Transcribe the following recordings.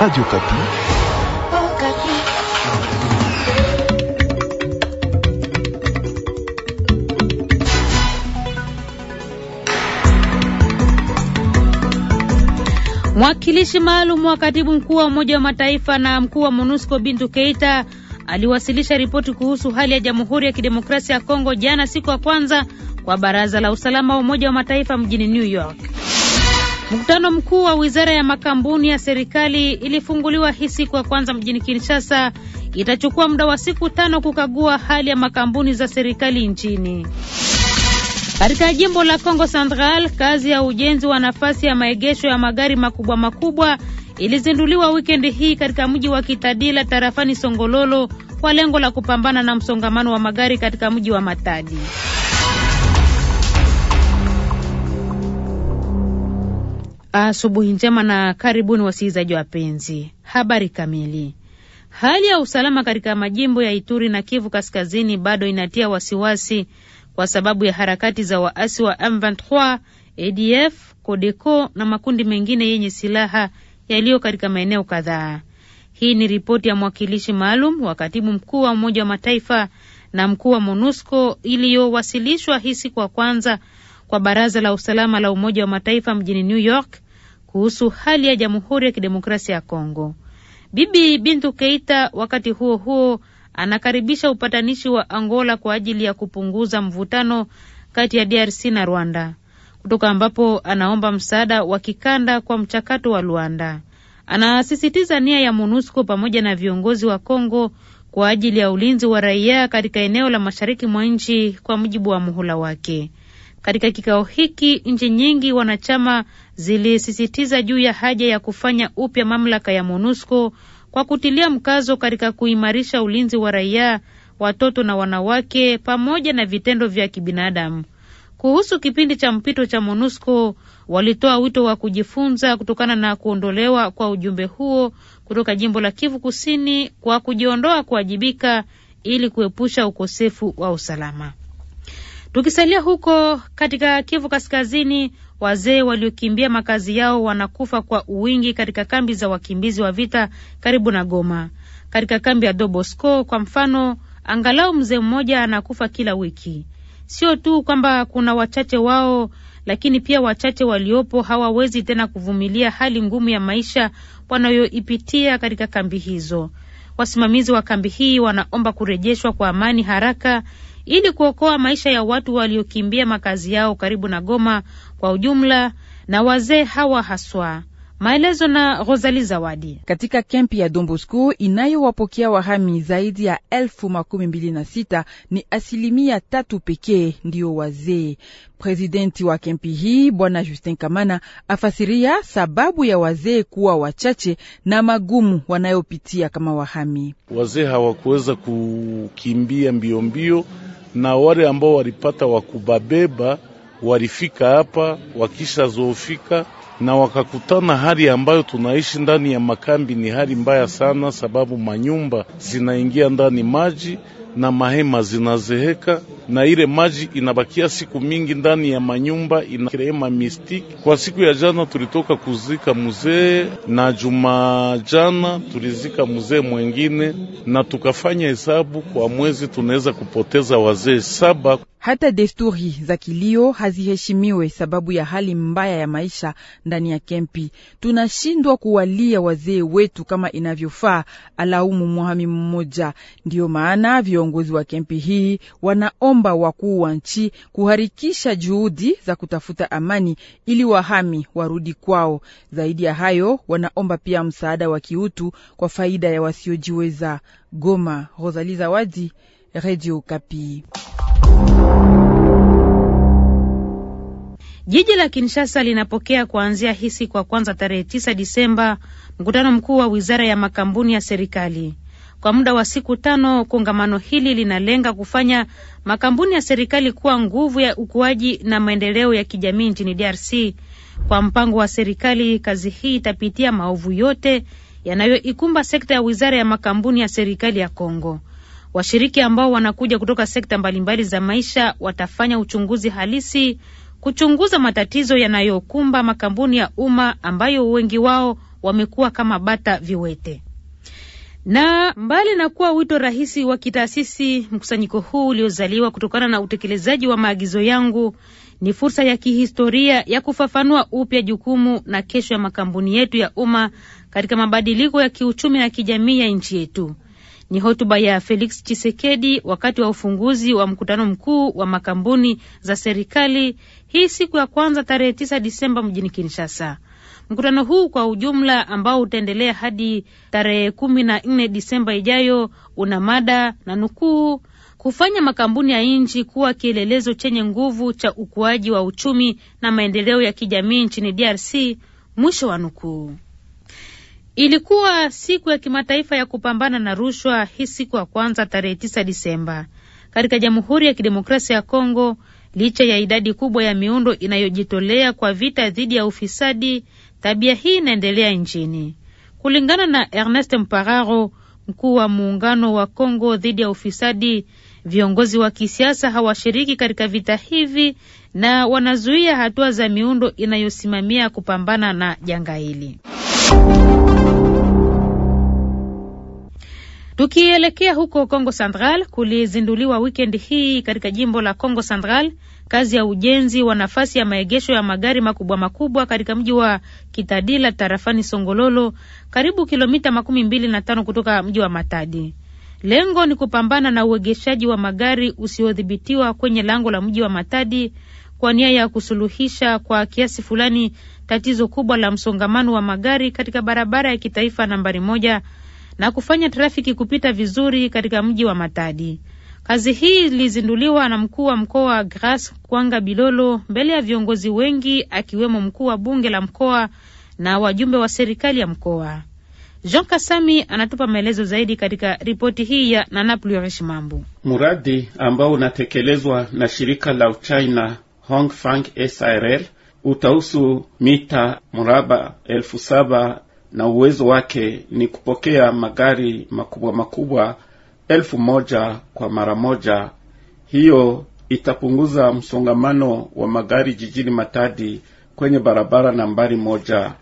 Radio Kapi. Oh, Kapi. Mwakilishi maalum wa Katibu Mkuu wa Umoja wa Mataifa na mkuu wa MONUSCO Bintu Keita aliwasilisha ripoti kuhusu hali ya Jamhuri ya Kidemokrasia ya Kongo jana siku ya kwanza kwa Baraza la Usalama wa Umoja wa Mataifa mjini New York. Mkutano mkuu wa wizara ya makampuni ya serikali ilifunguliwa hii siku ya kwanza mjini Kinshasa. Itachukua muda wa siku tano kukagua hali ya makampuni za serikali nchini. Katika jimbo la Kongo Central, kazi ya ujenzi wa nafasi ya maegesho ya magari makubwa makubwa ilizinduliwa wikendi hii katika mji wa Kitadila tarafani Songololo kwa lengo la kupambana na msongamano wa magari katika mji wa Matadi. Asubuhi njema na karibuni wasikilizaji wapenzi. Habari kamili. Hali ya usalama katika majimbo ya Ituri na Kivu Kaskazini bado inatia wasiwasi kwa sababu ya harakati za waasi wa M23, ADF, CODECO na makundi mengine yenye silaha yaliyo katika maeneo kadhaa. Hii ni ripoti ya mwakilishi maalum wa katibu mkuu wa Umoja wa Mataifa na mkuu wa MONUSCO iliyowasilishwa hii siku ya kwanza kwa Baraza la Usalama la Umoja wa Mataifa mjini New York kuhusu hali ya Jamhuri ya Kidemokrasia ya Kongo. Bibi Bintu Keita wakati huo huo anakaribisha upatanishi wa Angola kwa ajili ya kupunguza mvutano kati ya DRC na Rwanda, kutoka ambapo anaomba msaada wa kikanda kwa mchakato wa Luanda. Anasisitiza nia ya MONUSCO pamoja na viongozi wa Kongo kwa ajili ya ulinzi wa raia katika eneo la mashariki mwa nchi, kwa mujibu wa muhula wake. Katika kikao hiki nchi nyingi wanachama zilisisitiza juu ya haja ya kufanya upya mamlaka ya MONUSCO kwa kutilia mkazo katika kuimarisha ulinzi wa raia, watoto na wanawake pamoja na vitendo vya kibinadamu. Kuhusu kipindi cha mpito cha MONUSCO walitoa wito wa kujifunza kutokana na kuondolewa kwa ujumbe huo kutoka jimbo la Kivu Kusini kwa kujiondoa kuwajibika ili kuepusha ukosefu wa usalama. Tukisalia huko katika Kivu Kaskazini, wazee waliokimbia makazi yao wanakufa kwa uwingi katika kambi za wakimbizi wa vita karibu na Goma. Katika kambi ya Dobosco kwa mfano, angalau mzee mmoja anakufa kila wiki. Sio tu kwamba kuna wachache wao, lakini pia wachache waliopo hawawezi tena kuvumilia hali ngumu ya maisha wanayoipitia katika kambi hizo. Wasimamizi wa kambi hii wanaomba kurejeshwa kwa amani haraka ili kuokoa maisha ya watu waliokimbia makazi yao karibu na Goma kwa ujumla na wazee hawa haswa. Maelezo na Rosali Zawadi. Katika kempi ya Dombosco inayowapokea wahami zaidi ya elfu makumi mbili na sita ni asilimia tatu pekee ndiyo wazee. Presidenti wa kempi hii Bwana Justin Kamana afasiria sababu ya wazee kuwa wachache na magumu wanayopitia kama wahami. Wazee hawakuweza kukimbia mbiombio, na wale ambao walipata wakubabeba walifika hapa wakishazoofika na wakakutana hali ambayo tunaishi ndani ya makambi ni hali mbaya sana, sababu manyumba zinaingia ndani maji na mahema zinazeheka na ile maji inabakia siku mingi ndani ya manyumba, inakirema mistiki. Kwa siku ya jana tulitoka kuzika mzee, na juma jana tulizika mzee mwengine, na tukafanya hesabu kwa mwezi tunaweza kupoteza wazee saba. Hata desturi za kilio haziheshimiwe sababu ya hali mbaya ya maisha ndani ya kempi. Tunashindwa kuwalia wazee wetu kama inavyofaa, alaumu mwami mmoja. Ndiyo maana viongozi wa kempi hii wanaomba wakuu wa nchi kuharikisha juhudi za kutafuta amani ili wahami warudi kwao. Zaidi ya hayo, wanaomba pia msaada wa kiutu kwa faida ya wasiojiweza. Goma, rosali Zawadi, Radio Kapi. Jiji la Kinshasa linapokea kuanzia hii siku ya kwanza tarehe tisa Disemba mkutano mkuu wa wizara ya makampuni ya serikali. Kwa muda wa siku tano, kongamano hili linalenga kufanya makampuni ya serikali kuwa nguvu ya ukuaji na maendeleo ya kijamii nchini DRC. Kwa mpango wa serikali, kazi hii itapitia maovu yote yanayoikumba sekta ya wizara ya makampuni ya serikali ya Kongo. Washiriki ambao wanakuja kutoka sekta mbalimbali za maisha watafanya uchunguzi halisi kuchunguza matatizo yanayokumba makampuni ya umma ambayo wengi wao wamekuwa kama bata viwete. Na mbali na kuwa wito rahisi wa kitaasisi, mkusanyiko huu uliozaliwa kutokana na utekelezaji wa maagizo yangu ni fursa ya kihistoria ya kufafanua upya jukumu na kesho ya makampuni yetu ya umma katika mabadiliko ya kiuchumi na kijamii ya nchi yetu. Ni hotuba ya Felix Chisekedi wakati wa ufunguzi wa mkutano mkuu wa makampuni za serikali hii siku ya kwanza tarehe tisa Disemba mjini Kinshasa. Mkutano huu kwa ujumla ambao utaendelea hadi tarehe kumi na nne Disemba ijayo una mada na nukuu, kufanya makampuni ya nchi kuwa kielelezo chenye nguvu cha ukuaji wa uchumi na maendeleo ya kijamii nchini DRC, mwisho wa nukuu. Ilikuwa siku ya kimataifa ya kupambana na rushwa hii siku ya kwanza tarehe tisa Disemba katika Jamhuri ya Kidemokrasia ya Kongo. Licha ya idadi kubwa ya miundo inayojitolea kwa vita dhidi ya ufisadi, tabia hii inaendelea nchini, kulingana na Ernest Mpararo, mkuu wa muungano wa Kongo dhidi ya ufisadi. Viongozi wa kisiasa hawashiriki katika vita hivi na wanazuia hatua za miundo inayosimamia kupambana na janga hili. Tukielekea huko congo Central, kulizinduliwa wikendi hii katika jimbo la congo Central kazi ya ujenzi wa nafasi ya maegesho ya magari makubwa makubwa katika mji wa Kitadila tarafani Songololo, karibu kilomita makumi mbili na tano kutoka mji wa Matadi. Lengo ni kupambana na uegeshaji wa magari usiodhibitiwa kwenye lango la mji wa Matadi kwa nia ya kusuluhisha kwa kiasi fulani tatizo kubwa la msongamano wa magari katika barabara ya kitaifa nambari moja na kufanya trafiki kupita vizuri katika mji wa Matadi. Kazi hii ilizinduliwa na mkuu wa mkoa gras Kwanga Bilolo mbele ya viongozi wengi akiwemo mkuu wa bunge la mkoa na wajumbe wa serikali ya mkoa. Jean Kasami anatupa maelezo zaidi katika ripoti hii ya Nana Mambu. Mradi ambao unatekelezwa na shirika la Uchina Hongfang SRL utahusu mita mraba elfu saba na uwezo wake ni kupokea magari makubwa makubwa elfu moja kwa mara moja. Hiyo itapunguza msongamano wa magari jijini Matadi kwenye barabara nambari moja.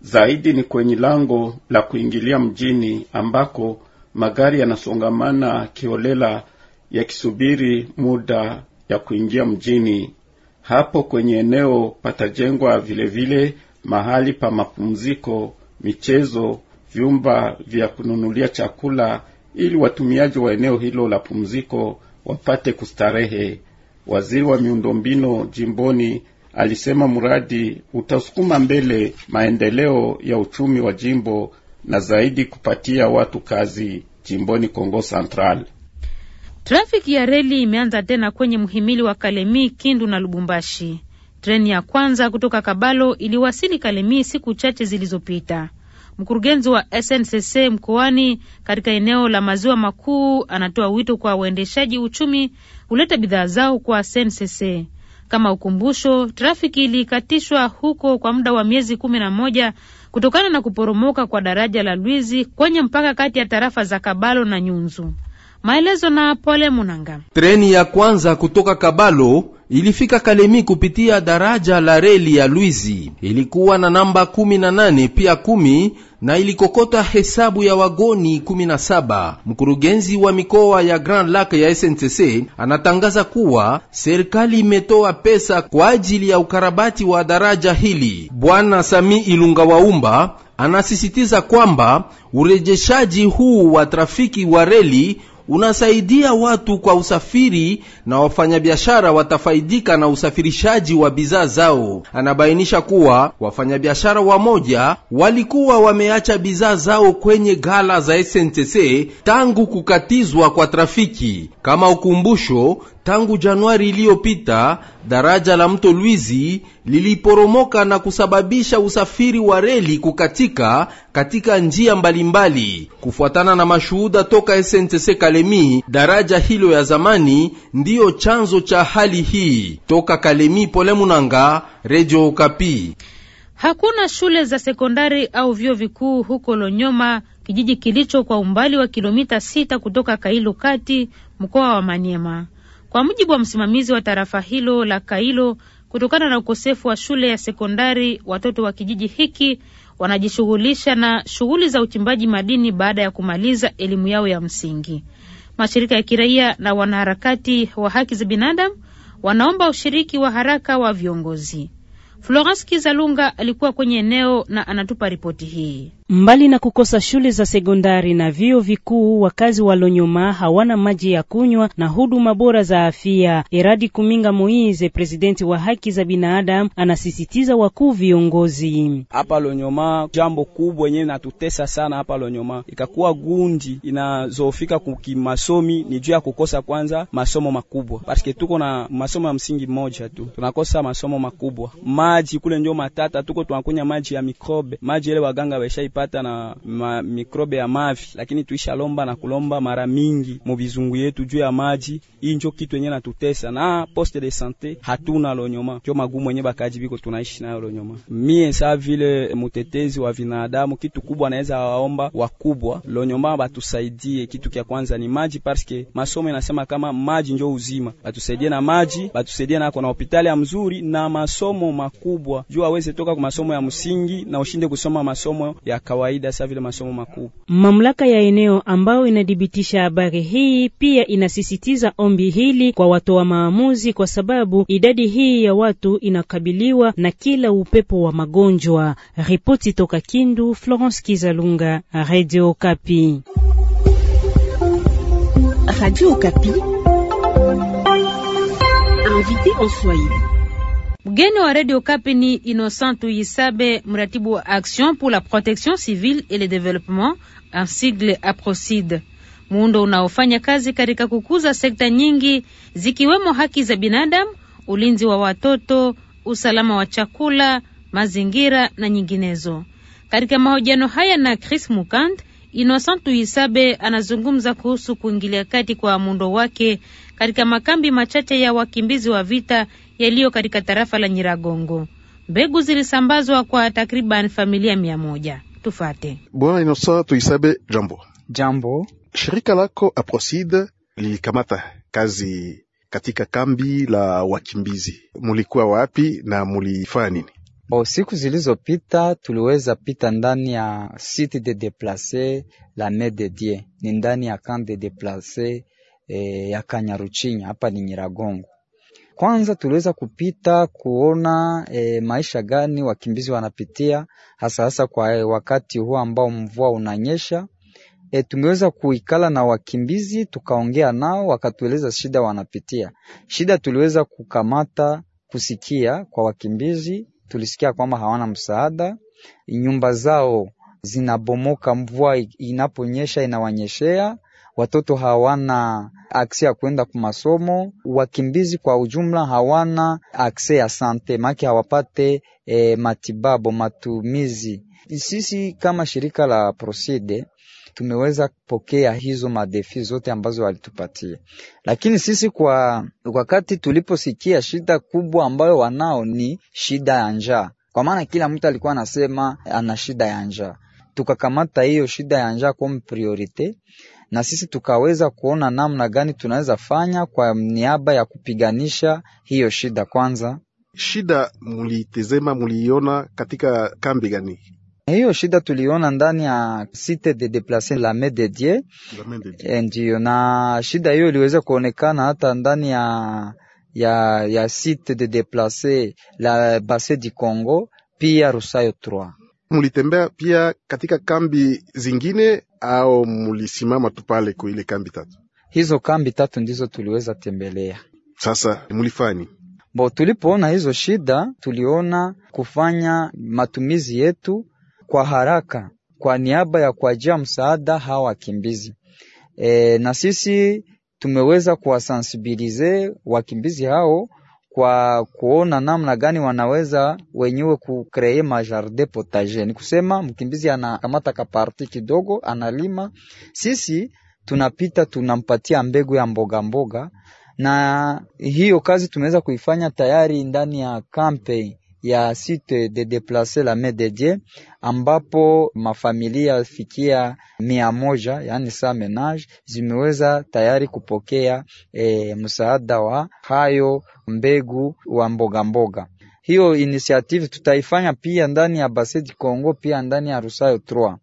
Zaidi ni kwenye lango la kuingilia mjini ambako magari yanasongamana kiolela yakisubiri muda ya kuingia mjini. Hapo kwenye eneo patajengwa vilevile mahali pa mapumziko michezo, vyumba vya kununulia chakula, ili watumiaji wa eneo hilo la pumziko wapate kustarehe. Waziri wa miundombinu jimboni alisema mradi utasukuma mbele maendeleo ya uchumi wa jimbo na zaidi kupatia watu kazi jimboni Kongo Central. Trafiki ya reli imeanza tena kwenye mhimili wa Kalemi, Kindu na Lubumbashi. Treni ya kwanza kutoka Kabalo iliwasili Kalemie siku chache zilizopita. Mkurugenzi wa SNCC mkoani katika eneo la maziwa makuu anatoa wito kwa waendeshaji uchumi huleta bidhaa zao kwa SNCC. Kama ukumbusho, trafiki ilikatishwa huko kwa muda wa miezi kumi na moja kutokana na kuporomoka kwa daraja la Lwizi kwenye mpaka kati ya tarafa za Kabalo na Nyunzu. Maelezo na Pole Munanga. Treni ya kwanza kutoka Kabalo ilifika Kalemi kupitia daraja la reli ya Luizi, ilikuwa na namba 18 pia 10 na ilikokota hesabu ya wagoni 17. Mkurugenzi wa mikoa ya Grand Lac ya SNCC anatangaza kuwa serikali imetoa pesa kwa ajili ya ukarabati wa daraja hili. Bwana Sami Ilunga Waumba anasisitiza kwamba urejeshaji huu wa trafiki wa reli unasaidia watu kwa usafiri na wafanyabiashara watafaidika na usafirishaji wa bidhaa zao. Anabainisha kuwa wafanyabiashara wamoja walikuwa wameacha bidhaa zao kwenye ghala za SNTC tangu kukatizwa kwa trafiki. Kama ukumbusho Tangu Januari iliyopita daraja la mto Lwizi liliporomoka na kusababisha usafiri wa reli kukatika katika njia mbalimbali. Kufuatana na mashuhuda toka SNTC Kalemi, daraja hilo ya zamani ndiyo chanzo cha hali hii. Toka Kalemi, Pole Munanga, Radio Okapi. Hakuna shule za sekondari au vyuo vikuu huko Lonyoma, kijiji kilicho kwa umbali wa kilomita sita kutoka Kailo Kati, mkoa wa Maniema. Kwa mujibu wa msimamizi wa tarafa hilo la Kailo, kutokana na ukosefu wa shule ya sekondari, watoto wa kijiji hiki wanajishughulisha na shughuli za uchimbaji madini baada ya kumaliza elimu yao ya msingi. Mashirika ya kiraia na wanaharakati wa haki za binadamu wanaomba ushiriki wa haraka wa viongozi. Florence Kizalunga alikuwa kwenye eneo na anatupa ripoti hii. Mbali na kukosa shule za sekondari na vyuo vikuu, wakazi wa Lonyoma hawana maji ya kunywa na huduma bora za afya. Eradi Kuminga Moize, presidenti wa haki za binadamu, anasisitiza wakuu viongozi hapa Lonyoma. Jambo kubwa yenyewe natutesa sana hapa Lonyoma ikakuwa gundi inazofika kukimasomi ni juu ya kukosa kwanza masomo makubwa, paske tuko na masomo ya msingi mmoja tu, tunakosa masomo makubwa Ma maji kule ndio matata, tuko tunakunya maji ya mikrobe, maji ile waganga waishaipata na ma, mikrobe ya mavi, lakini tuisha lomba na kulomba mara mingi mu vizungu yetu juu ya maji. Hii ndio kitu yenyewe natutesa, na poste de sante hatuna lonyoma, ndio magumu yenyewe bakaji biko tunaishi nayo lonyoma. Mie saa vile mutetezi wa vinadamu, kitu kubwa naweza waomba wakubwa lonyoma batusaidie. Kitu kia kwanza ni maji, parce masomo inasema kama maji ndio uzima, batusaidie na maji, batusaidie na kwa na hospitali ya mzuri na masomo maku kubwa juu aweze toka kwa masomo ya msingi na ushinde kusoma masomo ya kawaida sawa vile masomo makubwa. Mamlaka ya eneo ambayo inadhibitisha habari hii pia inasisitiza ombi hili kwa watoa maamuzi, kwa sababu idadi hii ya watu inakabiliwa na kila upepo wa magonjwa. Ripoti toka Kindu, Florence Kizalunga, Radio Kapi. Radio Kapi. Invité en Swahili. Mgeni wa Radio Kapi ni Innocent Tuyisabe, mratibu wa Action pour la Protection Civile et le Developement, en sigle APROCID, muundo unaofanya kazi katika kukuza sekta nyingi zikiwemo haki za binadamu, ulinzi wa watoto, usalama wa chakula, mazingira na nyinginezo. Katika mahojiano haya na Chris Mukand, Innocent Tuyisabe anazungumza kuhusu kuingilia kati kwa muundo wake katika makambi machache ya wakimbizi wa vita yaliyo katika tarafa la Nyiragongo. Mbegu zilisambazwa kwa takriban familia mia moja. Tufate Bwana Inosa Tuisabe. Jambo jambo. Shirika lako Aproside lilikamata kazi katika kambi la wakimbizi, mulikuwa wapi na mulifanya nini? O, siku zilizopita tuliweza pita ndani ya site de deplace la ne de Dieu, ni ndani ya camp de deplace e, eh, ya Kanyaruchinya hapa ni Nyiragongo kwanza tuliweza kupita kuona e, maisha gani wakimbizi wanapitia hasa hasa kwa eh, wakati huu ambao mvua unanyesha. E, eh, tumeweza kuikala na wakimbizi tukaongea nao, wakatueleza shida wanapitia. Shida tuliweza kukamata kusikia kwa wakimbizi, tulisikia kwamba hawana msaada, nyumba zao zinabomoka, mvua inaponyesha inawanyeshea, watoto hawana akse ya kwenda kumasomo. Wakimbizi kwa ujumla hawana akse ya sante maki hawapate e, matibabu matumizi. Sisi kama shirika la Proside tumeweza kupokea hizo madefi zote ambazo walitupatia, lakini sisi kwa wakati tuliposikia shida kubwa ambayo wanao ni shida ya njaa, kwa maana kila mtu alikuwa anasema ana shida ya njaa, tukakamata hiyo shida ya njaa kwa priorite na sisi tukaweza kuona namna gani tunaweza fanya kwa niaba ya kupiganisha hiyo shida. Kwanza, shida mulitezema, muliiona katika kambi gani? Hiyo shida tuliona ndani ya site de deplace la me de Dieu, ndio na shida hiyo iliweza kuonekana hata ndani ya ya ya site de deplace la base di Congo, pia Rusayo 3 mulitembea pia katika kambi zingine au mulisimama tu pale kwa ile kambi tatu? Hizo kambi tatu ndizo tuliweza tembelea. Sasa mulifani bo, tulipoona hizo shida, tuliona kufanya matumizi yetu kwa haraka kwa niaba ya kuajia msaada hawa wakimbizi e, na sisi tumeweza kuwasansibilize wakimbizi hao kwa kuona namna gani wanaweza wenyewe kukree majardin potager. Ni kusema mkimbizi anakamata kaparti kidogo, analima, sisi tunapita tunampatia mbegu ya mboga mboga, na hiyo kazi tumeweza kuifanya tayari ndani ya campaign ya site de deplace la main de Dieu ambapo mafamilia fikia mia moja yaani sa menage zimeweza tayari kupokea e, msaada wa hayo mbegu wa mbogamboga mboga. Hiyo initiative tutaifanya pia ndani ya Basedi Kongo, pia ndani ya Rusayo 3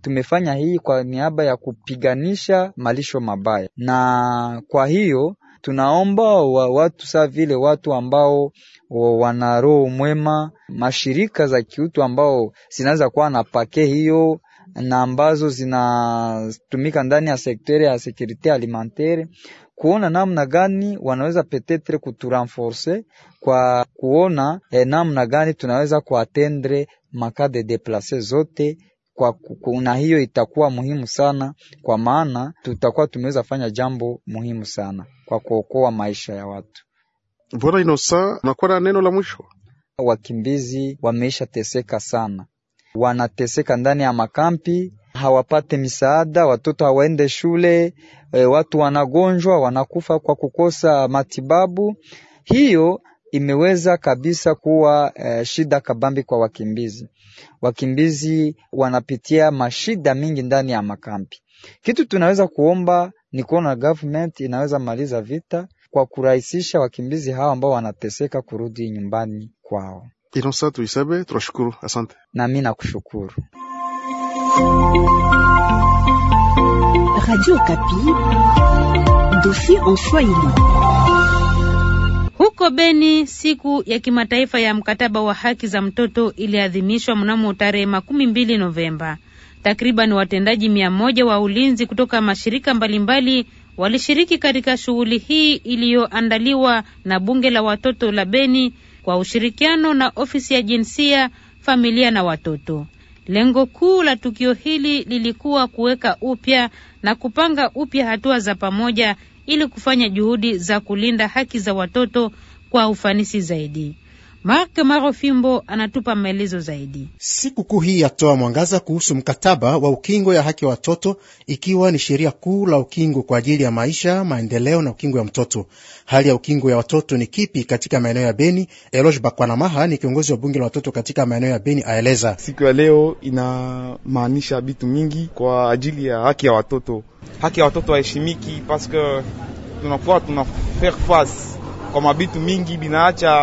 tumefanya hii kwa niaba ya kupiganisha malisho mabaya, na kwa hiyo Tunaomba wa watu saa vile watu ambao wana roho mwema, mashirika za kiutu ambao zinaweza kuwa na pake hiyo na ambazo zinatumika ndani ya sektere ya sekurite alimentaire kuona namna gani wanaweza petetre kuturenforce kwa kuona eh, namna gani tunaweza kuatendre maka de deplase zote na hiyo itakuwa muhimu sana kwa maana tutakuwa tumeweza fanya jambo muhimu sana kwa kuokoa maisha ya watu. Bwana Inosa, unakuwa na neno la mwisho? Wakimbizi wameisha teseka sana, wanateseka ndani ya makampi, hawapate misaada, watoto hawaende shule, eh, watu wanagonjwa, wanakufa kwa kukosa matibabu. Hiyo imeweza kabisa kuwa eh, shida kabambi kwa wakimbizi. Wakimbizi wanapitia mashida mingi ndani ya makambi Kitu tunaweza kuomba ni kuona government inaweza maliza vita kwa kurahisisha wakimbizi hawa ambao wanateseka kurudi nyumbani kwao. Inosatu tunashukuru, asante. Na mimi nakushukuru. Radio Kapi, dossier en Swahili. Huko Beni, siku ya kimataifa ya mkataba wa haki za mtoto iliadhimishwa mnamo tarehe makumi mbili Novemba. Takriban watendaji mia moja wa ulinzi kutoka mashirika mbalimbali walishiriki katika shughuli hii iliyoandaliwa na bunge la watoto la Beni kwa ushirikiano na ofisi ya jinsia, familia na watoto. Lengo kuu la tukio hili lilikuwa kuweka upya na kupanga upya hatua za pamoja ili kufanya juhudi za kulinda haki za watoto kwa ufanisi zaidi. Mark Marofimbo anatupa maelezo zaidi. Sikukuu hii yatoa mwangaza kuhusu mkataba wa ukingo ya haki ya watoto, ikiwa ni sheria kuu la ukingo kwa ajili ya maisha, maendeleo na ukingo ya mtoto. Hali ya ukingo ya watoto ni kipi katika maeneo ya Beni? Eloge Bakwanamaha ni kiongozi wa bunge la watoto katika maeneo ya Beni, aeleza siku ya leo inamaanisha vitu mingi kwa ajili ya haki ya watoto. Haki ya watoto haheshimiki paske tunakuwa tuna faire face kwa mabitu mingi binaacha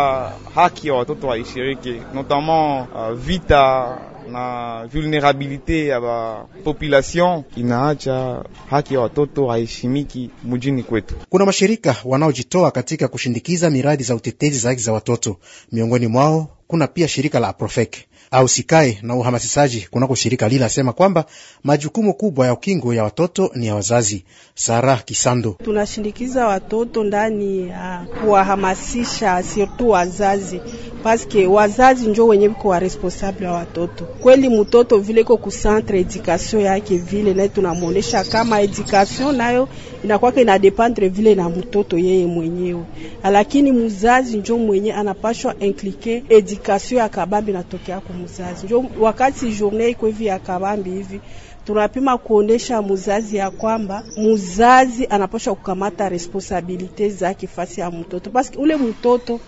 haki ya watoto waishiriki, notamment uh, vita na vulnerabilite ya ba population inaacha haki ya watoto haishimiki mjini kwetu. Kuna mashirika wanaojitoa katika kushindikiza miradi za utetezi za haki za watoto, miongoni mwao kuna pia shirika la Aprofec ausikae na uhamasishaji kunako shirika lile, asema kwamba majukumu kubwa ya ukingo ya watoto ni ya wazazi. Sara Kisando: tunashindikiza watoto ndani ya kuwahamasisha sirtu wazazi, paske wazazi njo wenye viko wa responsable wa watoto kweli. Mtoto vile iko kusantre education yake vile naye tunamwonyesha kama education nayo inakwaka inadependre vile na mtoto yeye mwenyewe, lakini mzazi njo mwenye anapashwa inclique education ya kababi natokea ku mzazi. Njo wakati journee iko hivi ya kabambi hivi tunapima kuonesha muzazi ya kwamba muzazi anapasha kukamata responsabilite zake fasi ya mtoto, paske ule mtoto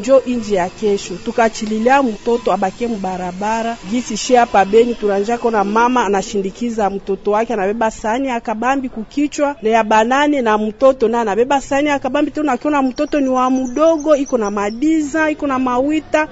njo inji ya kesho. Tukachililia mtoto abakie mbarabara gisi shi hapa Beni tunanjako na mama anashindikiza mtoto wake anabeba sani ya kabambi kukichwa na ya banane, na mtoto na anabeba sani ya kabambi tena, akiona mtoto ni wa mudogo, iko na madiza iko na mawita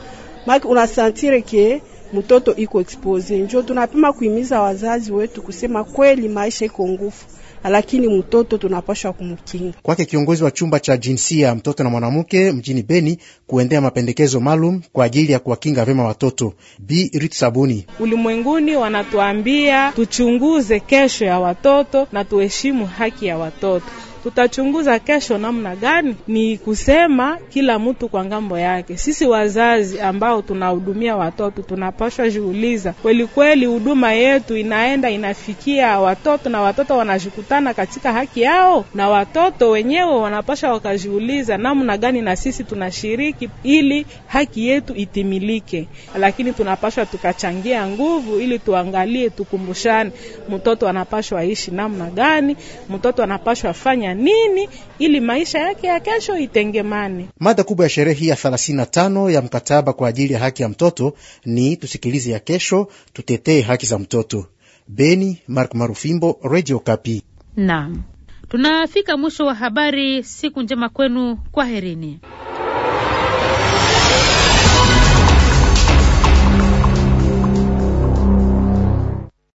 maki unasantire ke mtoto iko expose. Njo tunapima kuimiza wazazi wetu kusema kweli maisha iko ngufu, lakini mtoto tunapashwa kumkinga. Kwake kiongozi wa chumba cha jinsia mtoto na mwanamke mjini Beni kuendea mapendekezo maalum kwa ajili ya kuwakinga vyema watoto. b rit Sabuni: ulimwenguni wanatuambia tuchunguze kesho ya watoto na tuheshimu haki ya watoto tutachunguza kesho namna gani. Ni kusema kila mtu kwa ngambo yake. Sisi wazazi ambao tunahudumia watoto tunapashwa jiuliza kweli kweli, huduma yetu inaenda inafikia watoto na watoto wanajikutana katika haki yao, na watoto wenyewe wanapasha wakajiuliza namna gani na sisi tunashiriki ili haki yetu itimilike, lakini tunapashwa tukachangia nguvu ili tuangalie, tukumbushane, mtoto anapashwa ishi namna gani, mtoto anapashwa fanya nini, ili maisha yake ya kesho itengemane. Mada kubwa ya sherehe hii ya 35 ya mkataba kwa ajili ya haki ya mtoto ni tusikilize ya kesho, tutetee haki za mtoto. Beni, Mark Marufimbo, Radio Kapi. Naam, tunafika mwisho wa habari. Siku njema kwenu, kwaherini.